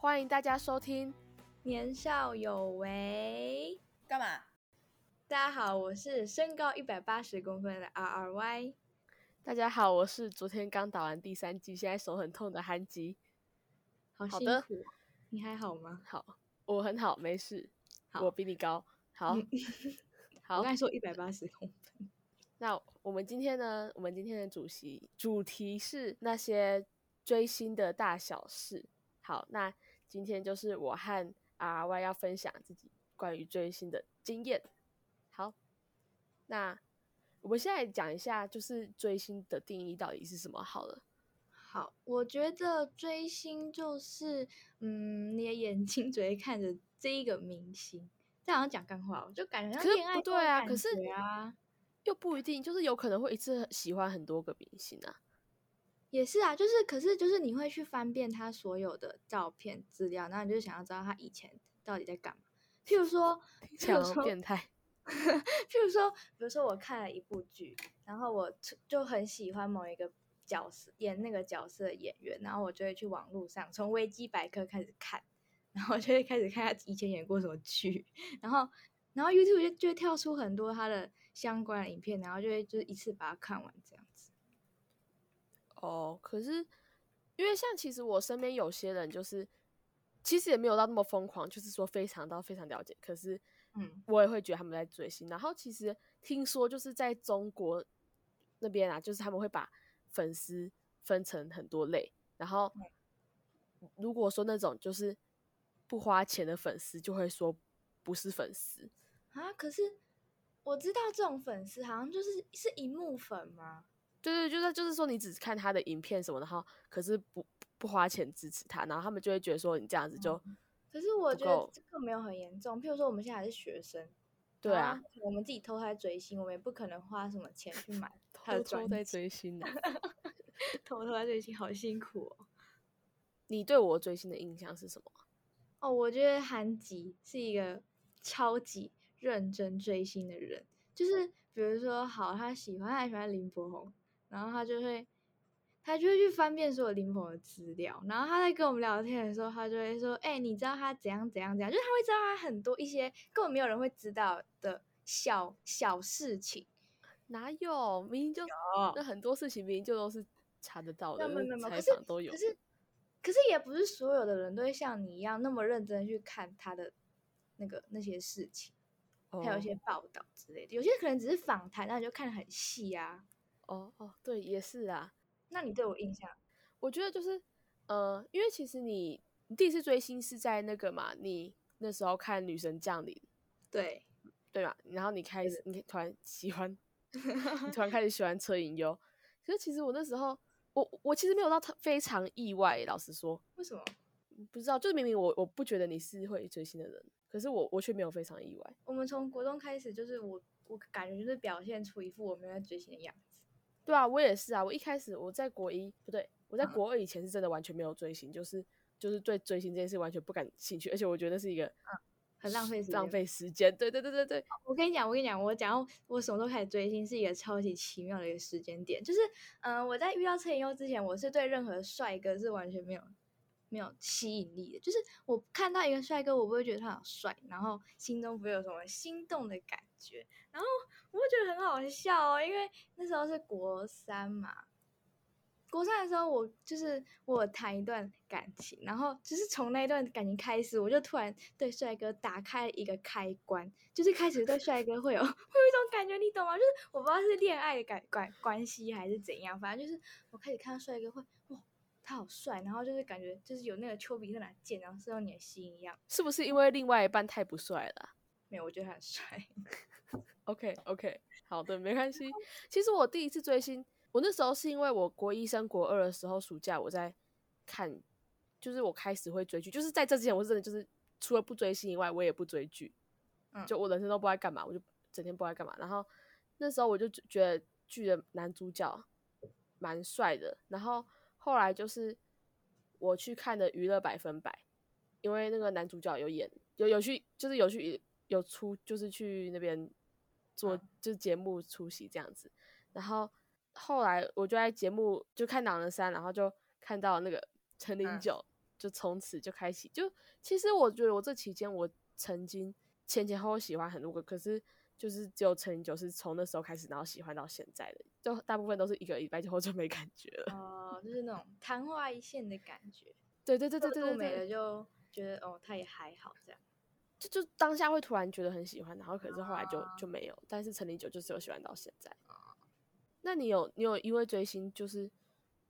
歡迎大家收聽《年少有為》。幹嘛？大家好，我是身高一百八十公分的 RRY。大家好，我是昨天剛打完第三劑，現在手很痛的憨吉。好辛苦。你還好嗎？好，我很好，沒事。好，我比你高。好。 好。應 該說一百八十公分。 那我們今天呢？我們今天的主題 主題是那些。追星的大小事，好，那今天就是我和 RRY 要分享自己關於追星的經驗。好，那我們現在講一下，就是追星的定義到底是什麼？好了，好，我覺得追星就是，嗯，你的眼睛只會看着這一個明星，這樣好像講幹話，我就感覺像戀愛、啊、對啊，可是啊，又不一定，就是有可能會一次喜歡很多個明星啊。也是啊，就是，可是就是你會去翻遍他所有的照片資料，然後你就想要知道他以前到底在幹嘛。譬如說，變態。譬如說，譬如說，比如說，我看了一部劇，然後我就很喜歡某一個角色，演那個角色的演員，然後我就會去網絡上從維基百科開始看，然後就會開始看他以前演過什麼劇，然後然後 YouTube 就就跳出很多他的相關的影片，然後就會就一次把它看完這樣哦，可是因為像其實我身邊有些人就是，其實也沒有到那麼瘋狂，就是說非常到非常了解。可是，嗯，我也會覺得他們在追星，嗯。然後其實聽說就是在中國那邊啊，就是他們會把粉絲分成很多類。然後如果說那種就是不花錢的粉絲，就會說不是粉絲啊。可是我知道這種粉絲好像就是是熒幕粉嗎？對，對對，就是就是說，你只看他的影片什麼的，哈，可是不不花錢支持他，然後他們就會覺得說你這樣子就、嗯，可是我覺得這個沒有很嚴重。譬如說，我們現在還是學生，對啊，我們自己偷偷追星，我們也不可能花什麼錢去買。 偷偷在追星的， 偷偷在追星好辛苦哦。你對我追星的印象是什麼？哦，我覺得憨吉是一個超級認真追星的人，就是比如說，好，他喜歡他還喜歡林柏宏。然後他就會，他就會去翻遍所有林鵬的資料。然後他在跟我們聊天的時候，他就會說：“哎、欸，你知道他怎樣怎樣怎樣？”就是他會知道他很多一些根本沒有人會知道的小小事情。哪有？明明就有，那很多事情明明就都是查得到的。沒有沒有，可是都有。可是，可是也不是所有的人都會像你一樣那麼認真去看他的那個那些事情，還有一些報道之類的。Oh. 有些可能只是訪談，那你就看得很細啊。.哦哦，對，也是啊。那你對我印象，我覺得就是，呃，因為其實你，你第一次追星是在那個嘛，你那時候看《女神降臨》，對對嘛，然後你開始，你突然喜歡， 你突然開始喜歡車銀優。可是其實我那時候，我我其實沒有到非常意外、欸，老實說。為什麼？不知道，就是明明我我不覺得你是會追星的人，可是我我卻沒有非常意外。我們從國中開始，就是我我感覺就是表現出一副我沒有追星的樣子。對啊，我也是啊。我一開始我在國一不對，我在國二以前是真的完全沒有追星，啊、就是就是對追星這件事完全不感興趣，而且我覺得是一個、啊、很浪費時間、浪費時間。對對對對對，我跟你講，我跟你講，我講我什麼時候開始追星是一個超級奇妙的一個時間點。就是嗯、呃，我在遇到車銀優之前，我是對任何帥哥是完全沒有沒有吸引力的。就是我看到一個帥哥，我不會覺得他好帥，然後心中不會有什麼心動的感覺。然後我覺得很好笑哦，因為那時候是國三嘛，國三的時候我就是我談一段感情，然後就是從那一段感情開始，我就突然對帥哥打開了一個開關，就是開始對帥哥會有會有一種感覺，你懂嗎？就是我不知道是戀愛的感關關係還是怎樣，反正就是我開始看到帥哥會哇、哦，他好帥，然後就是感覺就是有那個丘比特的箭，然後射中你的心一樣。是不是因為另外一半太不帥了？沒有，我覺得很帥。OK，OK，好的，沒關係。其實我第一次追星，我那時候是因為我國一升國二的時候，暑假我在看，就是我開始會追劇。就是在這之前，我是真的就是除了不追星以外，我也不追劇，嗯，就我人生都不愛幹嘛，我就整天不愛幹嘛。然後那時候我就覺得劇的男主角蠻帥的。然後後來就是我去看的《娛樂百分百》，因為那個男主角有演有有去，就是有去有出，就是去那邊。做就節目出席這樣子，啊、然後後來我就在節目就看《狼人殺》，然後就看到那個陳零九、啊，就從此就開始就。其實我覺得我這期間我曾經前前後後喜歡很多個，可是就是只有陳零九是從那時候開始，然後喜歡到現在的，就大部分都是一個禮拜之後就沒感覺了。哦，就是那種曇花一現的感覺。 對,對,對,對,對,對,對對對對對。熱度沒了就覺得哦，他也還好這樣。就就當下會突然覺得很喜歡，然後可是後來就、oh. 就，就沒有。但是陳立久就只有喜歡到現在。Oh. 那你有你有因為追星就是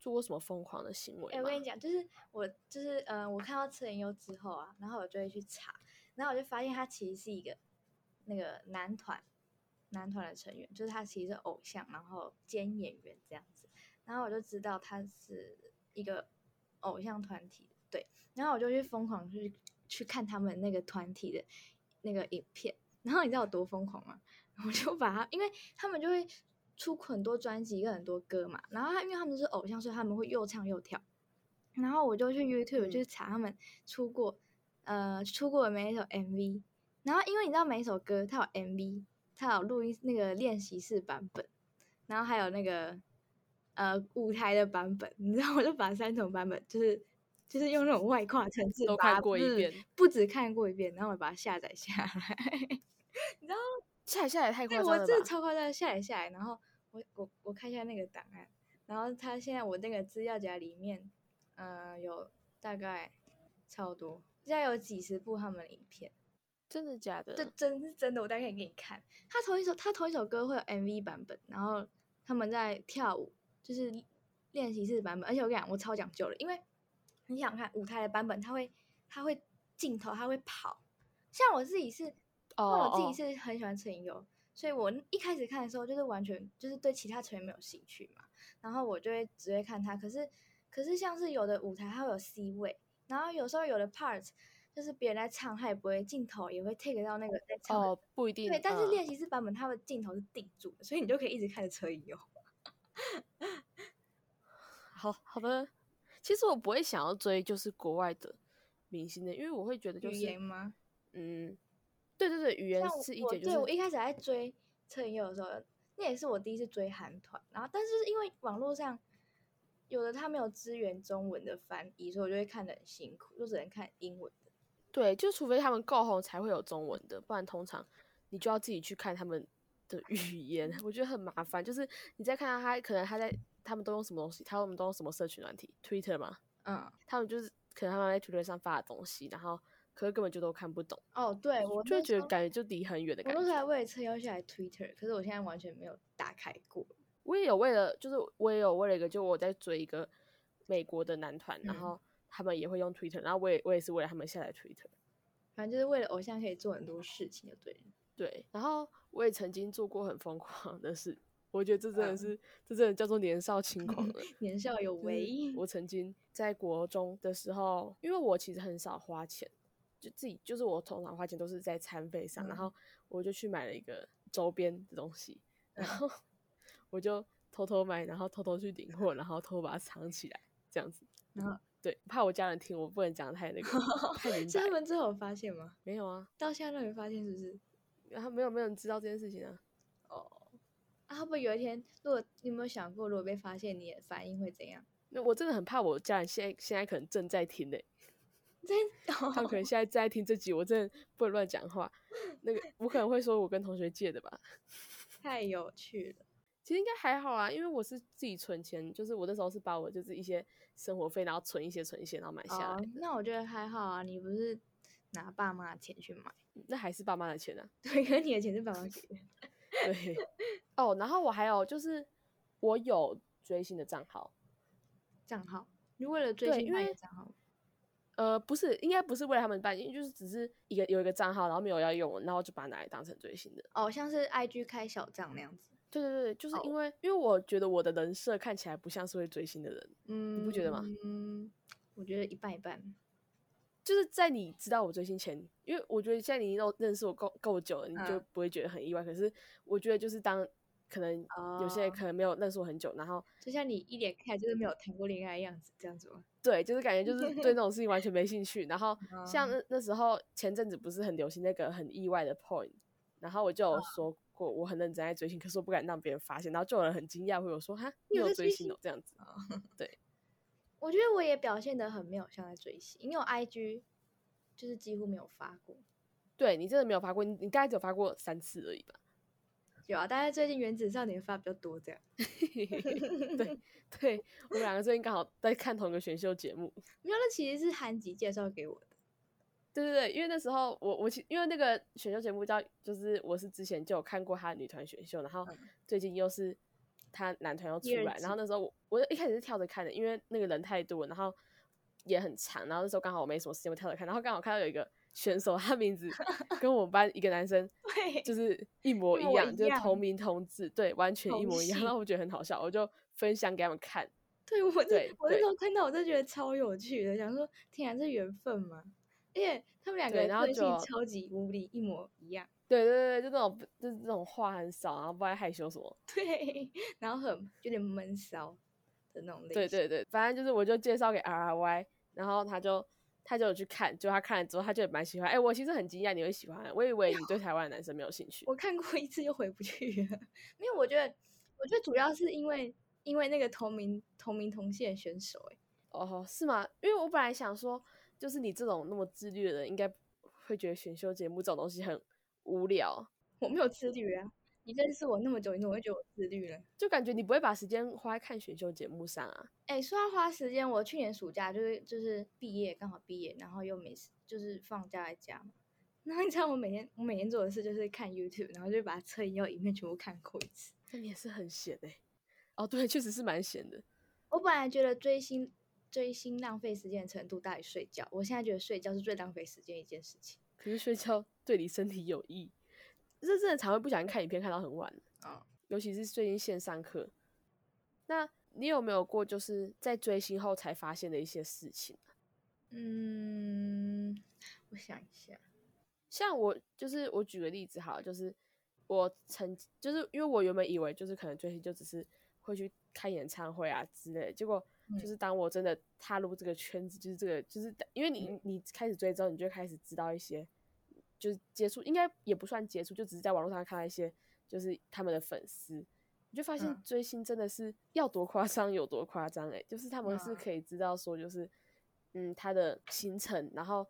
做過什麼瘋狂的行為嗎？欸、我跟你講，就是我就是嗯、呃，我看到車銀優之後啊，然後我就會去查，然後我就發現他其實是一個那個男團男團的成員，就是他其實是偶像，然後兼演員這樣子。然後我就知道他是一個偶像團體，對。然後我就去瘋狂去。去看他們那個團體的那個影片，然後你知道有多瘋狂嗎、啊？我就把他，因為他們就會出很多專輯，有很多歌嘛。然後因為他們是偶像，所以他們會又唱又跳。然後我就去 YouTube 就去查他們出過、嗯、呃出過的每一首 MV。然後因為你知道每一首歌它有 MV，它有錄音那個練習室版本，然後還有那個呃舞台的版本。你知道我就把三種版本就是。就是用那種外掛程式，都看過一遍，不止看過一遍，然後我把它下載下來。 你知道下載下來，下來太快了，我真的超快的下載下來，然後我我我看一下那個檔案，然後他現在我那個資料夾裡面，嗯、呃，有大概超多，現在有幾十部他們的影片。真的假的？這真的是真的，我待會給你看。他同一首，他同一首歌會有 MV 版本，然後他們在跳舞，就是練習室版本。而且我跟你講，我超講究的，因為。很想看舞台的版本，他會，他會鏡頭，他會跑。像我自己是，哦、oh, oh.，我自己是很喜歡車銀優，所以我一開始看的時候就是完全就是對其他成員沒有興趣嘛，然後我就會直接看他。可是，可是像是有的舞台他會有 C 位，然後有時候有的 part 就是別人在唱，他也不會鏡頭也會 take 到那個在唱。哦、oh,，不一定。對，uh. 但是練習室版本他的鏡頭是定住的，所以你就可以一直看着車銀優。 好好的。其實我不會想要追就是國外的明星的、欸，因為我會覺得就是語言嗎？嗯，對對對，語言是一點、就是，就對我一開始還在追車銀優的時候，那也是我第一次追韓團，然後但是，是因為網絡上有的他沒有支援中文的翻譯，所以我就會看的很辛苦，就只能看英文的。對，就除非他們夠紅才會有中文的，不然通常你就要自己去看他們的語言，我覺得很麻煩。就是你再看到他，他，可能他在。他們都用什麼東西？他們都用什麼社群軟體？Twitter 嗎？嗯，他們就是可能他們在 Twitter 上發的東西，然後可是根本就都看不懂。哦，對，我就覺得感覺就離很遠的感覺。我來為了測，要下來 Twitter，可是我現在完全沒有打開過。我也有為了，就是我也有為了一個，就我在追一個美國的男團，然後他們也會用 Twitter，然後我也我也是為了他們下載 Twitter，反正就是為了偶像可以做很多事情就對，對對。然後我也曾經做過很瘋狂的事。我覺得這真的是，um, 這真的叫做年少輕狂了， 年少有為。我曾經在國中的時候，因為我其實很少花錢，就自己就是我通常花錢都是在餐費上，嗯，然後我就去買了一個周邊的東西，然後我就偷偷買，然後偷偷去領貨，然後偷偷把它藏起來，這樣子。然後對，怕我家人聽，我不能講太那個。太。 是他們之後發現嗎？沒有啊，到現在都沒發現，是不是？然後沒有，沒有人知道這件事情啊。啊，會不會有一天，如果你有沒有想過，如果被發現，你的反應會怎樣？那我真的很怕，我家人現在現在可能正在聽呢、欸。真的，他們可能現在正在聽這集，我真的不能亂講話。那個， 我可能會說，我跟同學借的吧。太有趣了，其實應該還好啊，因為我是自己存錢，就是我那時候是把我就是一些生活費，然後存一些存錢，然後買下來、哦。那我覺得還好啊，你不是拿爸媽的錢去買，那還是爸媽的錢呢、啊？對，可是你的錢是爸媽給的錢。 對，哦、oh,，然後我還有就是，我有追星的賬號，賬號，你為,為了追星辦一個賬號？呃，不是，應該不是為了他們辦，因為就是只是一個有一個賬號，然後沒有要用，然後就把它拿來當成追星的。哦、oh,，像是 IG 開小賬那樣子。對對對，就是因為、oh. 因為我覺得我的人設看起來不像是會追星的人，嗯，你不覺得嗎？嗯，我覺得一半一半。就是在你知道我追星前，因為我覺得現在你都認識我夠夠久了，你就不會覺得很意外。嗯、可是我覺得，就是當可能有些人可能沒有認識我很久，然後就像你一臉看就是沒有談過戀愛的樣子，這樣子嗎？對，就是感覺就是對那種事情完全沒興趣。 然後像那時候前陣子不是很流行那個很意外的 point，然後我就有說過我很認真在追星，可是我不敢讓別人發現。然後就有人很驚訝會有說：“哈，你有追星哦、喔，這樣子，對。我覺得我也表現得很沒有像在追星，因為我 IG 就是幾乎沒有發過。對，你真的沒有發過，你你大概只有發過三次而已吧？有啊，大概最近原子少年也發比較多這樣。 對，對我們兩個最近剛好在看同一個選秀節目。沒有，那其實是憨吉介紹給我的。對對對，因為那時候我我因為那個選秀節目叫就是我是之前就有看過他的女團選秀，然後最近又是。嗯他男團要出來，然後那時候我我一開始是跳着看的，因為那個人太多，然後也很長，然後那時候剛好我沒什麼事，我跳着看，然後剛好看到有一個選手，他名字跟我們班一個男生 就是一模一樣，一模一樣就是同名同字，對，完全一模一樣，然後我覺得很好笑，我就分享給他們看。對，我就我那時候看到我就覺得超有趣的，想說天啊，這緣分嘛。而且他們兩個人然後就超級無敵一模一樣。對對對，就那種，就是這種話很少，然後不知道在害羞什麼。對，然後很，就有點悶騷的那種類型。對對對，反正就是我就介紹給 RRY，然後他就他就有去看，就他看了之後，他就也蠻喜歡。哎、欸，我其實很驚訝你會喜歡，我以為你對台灣的男生沒有興趣有。我看過一次又回不去了，因為我覺得，我覺得主要是因為因為那個同名同名同姓的選手、欸。誒哦，是嗎？因為我本來想說，就是你這種那麼自律的人，應該會覺得選秀節目這種東西很。無聊，我沒有自律啊！你認識我那麼久，你怎麼會覺得我自律了？就感覺你不會把時間花在看選秀節目上啊！哎、欸，說要花時間，我去年暑假就是就是畢業，剛好畢業，然後又沒事，就是放假在家，那你知道我每天我每天做的事就是看 YouTube，然後就把車銀優影片全部看過一次。那你也是很閒的、欸、哦，對，確實是蠻閒的。我本來覺得追星追星浪費時間的程度大於睡覺，我現在覺得睡覺是最浪費時間的一件事情。可是睡覺。對你身體有益，這真的常會不小心看影片看到很晚。啊、哦，尤其是最近線上課。那你有沒有過就是在追星後才發現的一些事情？嗯，我想一下。像我就是我舉個例子好，就是我曾就是因為我原本以為就是可能追星就只是會去看演唱會啊之類的，結果就是當我真的踏入這個圈子，嗯、就是這個就是因為你你開始追之後，你就開始知道一些。就接觸應該也不算接觸，就只是在網絡上看到一些，就是他們的粉絲，我就發現追星真的是要多誇張有多誇張誒，就是他們是可以知道說，就是嗯，他的行程，然後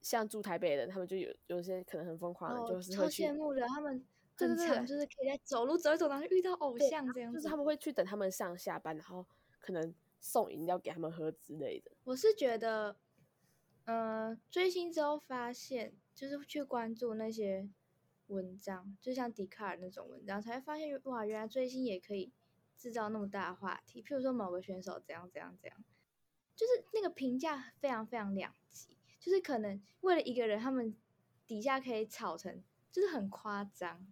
像住台北的人，他們就有就有些可能很瘋狂的，就是會、哦、超羨慕的。他們真的，就是可以在走路走一走，然後遇到偶像這樣。就是他們會去等他們上下班，然後可能送飲料給他們喝之類的。我是覺得，嗯、呃，追星之後發現。就是去關注那些文章，就像 Dcard 那種文章，才會發現哇，原來追星也可以制造那麼大的話題。譬如說某個選手怎樣怎樣怎樣，就是那個評價非常非常兩極，就是可能為了一個人，他們底下可以吵成就是很誇張，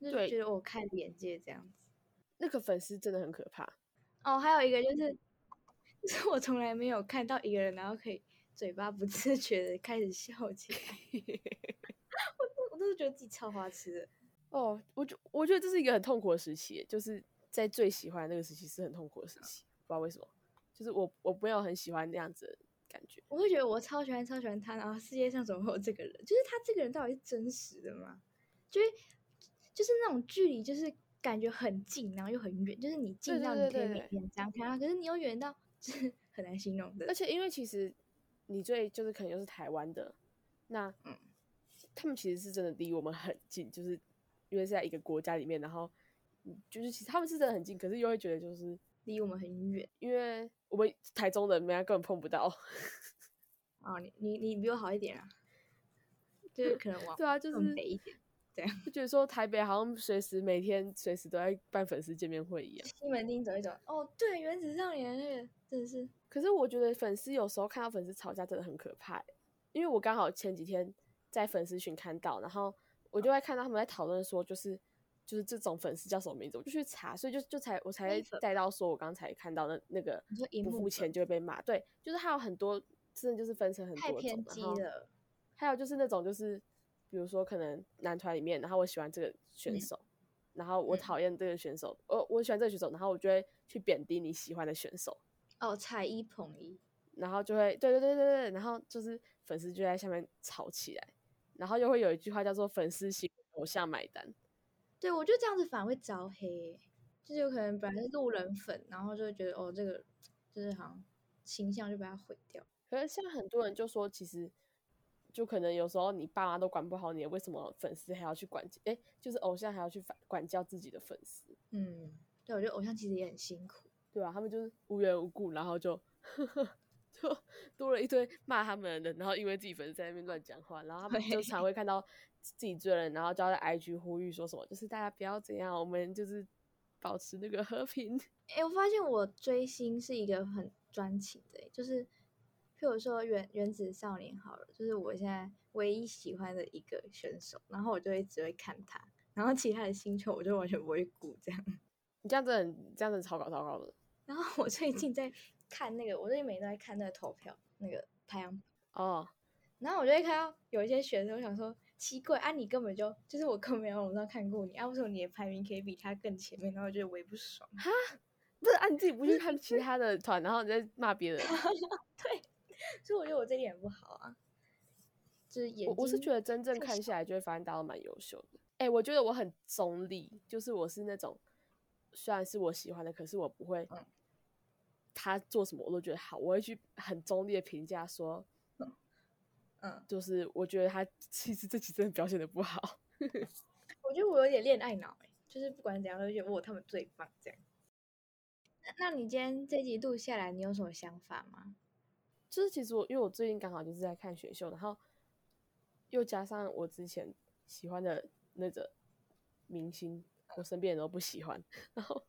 就覺得我看眼界，這樣子。那個粉絲真的很可怕。哦，oh，還有一個就是，就是我從來沒有看到一個人，然後可以。嘴巴不自覺的開始笑起來，我 我都是覺得自己超花痴的。哦、oh，我覺我覺得這是一個很痛苦的時期，就是在最喜歡的那個時期是很痛苦的時期，oh. 不知道為什麼，就是我我沒有很喜歡那樣子的感覺。我會覺得我超喜歡超喜歡他，然後世界上怎麼會有這個人？就是他這個人到底是真實的嗎？就是就是那種距離，就是感覺很近，然後又很遠，就是你近到你可以每天這樣看他，可是你又遠到就是很難形容的。而且因為其實。你最就是可能又是台灣的，那嗯，他們其實是真的離我們很近，就是因為是在一個國家裡面，然後就是其實他們是真的很近，可是又會覺得就是離我們很遠，因為我們台中人，沒人根本碰不到啊！你你你比我好一點啊，就是、嗯、可能往 對啊，就是北一點。就 覺得說台北好像隨時每天隨時都在辦粉絲見面會一樣、啊，西門町走一走，哦，對，原子少年也是。真的是。可是我覺得粉絲有時候看到粉絲吵架真的很可怕、欸，因為我剛好前幾天在粉絲群看到，然後我就在看到他們在討論說、就是啊，就是就是這種粉絲叫什麼名字，我就去查，所以就就才我才帶到說我剛才看到那那個不付錢就會被罵，對，就是還有很多真的就是分成很多種，太偏激了。然後還有就是那種就是。比如說，可能男團裡面，然後我喜歡這個選手，然後我討厭這個選手，我、嗯哦、我喜歡這個選手，然後我就會去貶低你喜歡的選手，哦，踩一捧一，然後就會，對對對對對，然後就是粉絲就在下面吵起來，然後又會有一句話叫做“粉絲喜歡偶像買單”，對我覺得這樣子反而會招黑，就是有可能本來是路人粉，然後就會覺得哦，這個就是好像形象就把它毀掉，可是像很多人就說，其實。就可能有時候你爸媽都管不好你，為什麼粉絲還要去管？哎，就是偶像還要去管教自己的粉絲。嗯，對，我覺得偶像其實也很辛苦，對吧，啊？他們就是無緣無故，然後就呵呵，就多了一堆罵他們的人，然後因為自己粉絲在那邊亂講話，然後他們就常會看到自己追人，然後就要在 IG 呼籲說什麼，就是大家不要怎樣，我們就是保持那個和平。哎，我發現我追星是一個很專情的，就是。比如說原《原原子少年》好了，就是我現在唯一喜歡的一個選手，然後我就一直會看他，然後其他的星球我就完全不會顧。這樣，你這樣子很，這樣子超高超高的。然後我最近在看那個， 我最近每天都在看那個投票那個太陽。哦。然後我就會看到有一些選手，我想說奇怪啊，你根本就就是我根本沒有網上看過你啊，為什麼你的排名可以比他更前面？然後我覺得我也不爽哈。不是啊，你自己不去看其他的團， 然後你在罵別人， 對。 所以我覺得我這點不好啊，就是也，我是覺得真正看下來就會發現大家蠻優秀的。哎、欸，我覺得我很中立，就是我是那種雖然是我喜歡的，可是我不會、嗯，他做什麼我都覺得好，我會去很中立的評價說嗯，嗯，就是我覺得他其實這幾陣表現得不好。 我覺得我有點戀愛腦，誒，就是不管怎樣都覺得我他們最棒這樣。那你今天這季度下來，你有什麼想法嗎？就是其實我，因為我最近剛好就是在看選秀，然後又加上我之前喜歡的那個明星，我身邊人都不喜歡，然後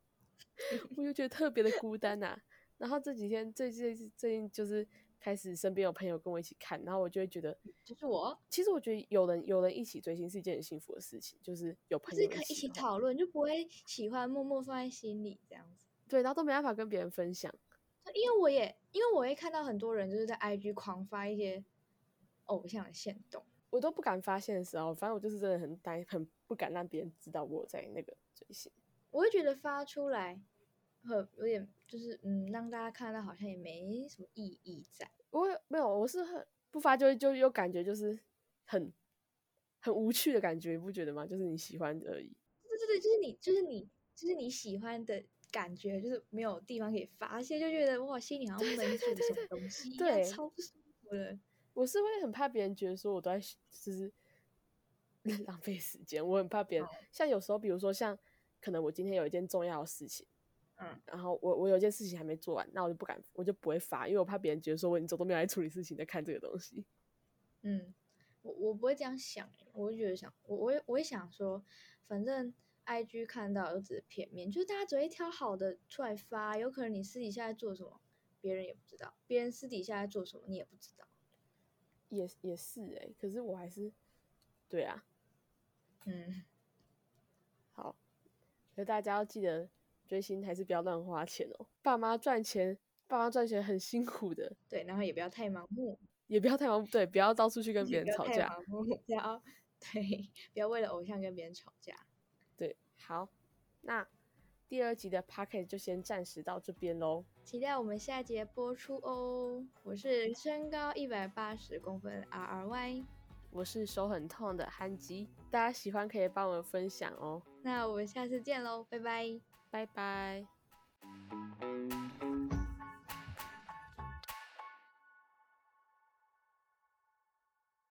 我就覺得特別的孤單呐、啊。然後這幾天最最最近就是開始身邊有朋友跟我一起看，然後我就會覺得就是我。其實我覺得有人有人一起追星是一件很幸福的事情，就是有朋友可以一起討論、就是，就不會喜歡默默放在心裡這樣子。對，然後都沒辦法跟別人分享。因為我也，因為我會看到很多人就是在 IG 狂發一些偶像的限動，我都不敢發現的時候，反正我就是真的很呆，很不敢讓別人知道我在那個追星。我會覺得發出來，很，有點就是嗯，讓大家看到好像也沒什麼意義在。我沒有，我是很不發就就有感覺就是很很無趣的感覺，你不覺得嗎？就是你喜歡而已。對對對，就是你，就是你，就是你喜歡的。感覺就是沒有地方可以發洩，而且就覺得哇，心裡好像悶着什麼東西，對，對，對，對，超不舒服的。我是會很怕別人覺得說我都在，就是浪費時間。我很怕別人，像有時候，比如說像，可能我今天有一件重要的事情，嗯，然後我我有件事情還沒做完，那我就不敢，我就不會發，因為我怕別人覺得說我你走都沒有來處理事情，在看這個東西。嗯，我我不會這樣想，我就覺得想我我也我也想說，反正。I G 看到，有只是片面，就是大家只會挑好的出來發。有可能你私底下在做什麼，別人也不知道；別人私底下在做什麼，你也不知道。也也是哎、欸，可是我還是對啊。嗯，好，所以大家要記得追星還是不要亂花錢哦。爸媽賺錢，爸媽賺錢很辛苦的。對，然後也不要太盲目，也不要太盲目，對，不要到處去跟別人吵架，不要對，不要為了偶像跟別人吵架。好，那第二集的 podcast 就先暫時到這邊嘍，期待我們下節播出哦。我是身高一百八十公分的 R R Y，我是手很痛的憨吉，大家喜歡可以幫我分享哦。那我們下次見嘍，拜拜，拜拜。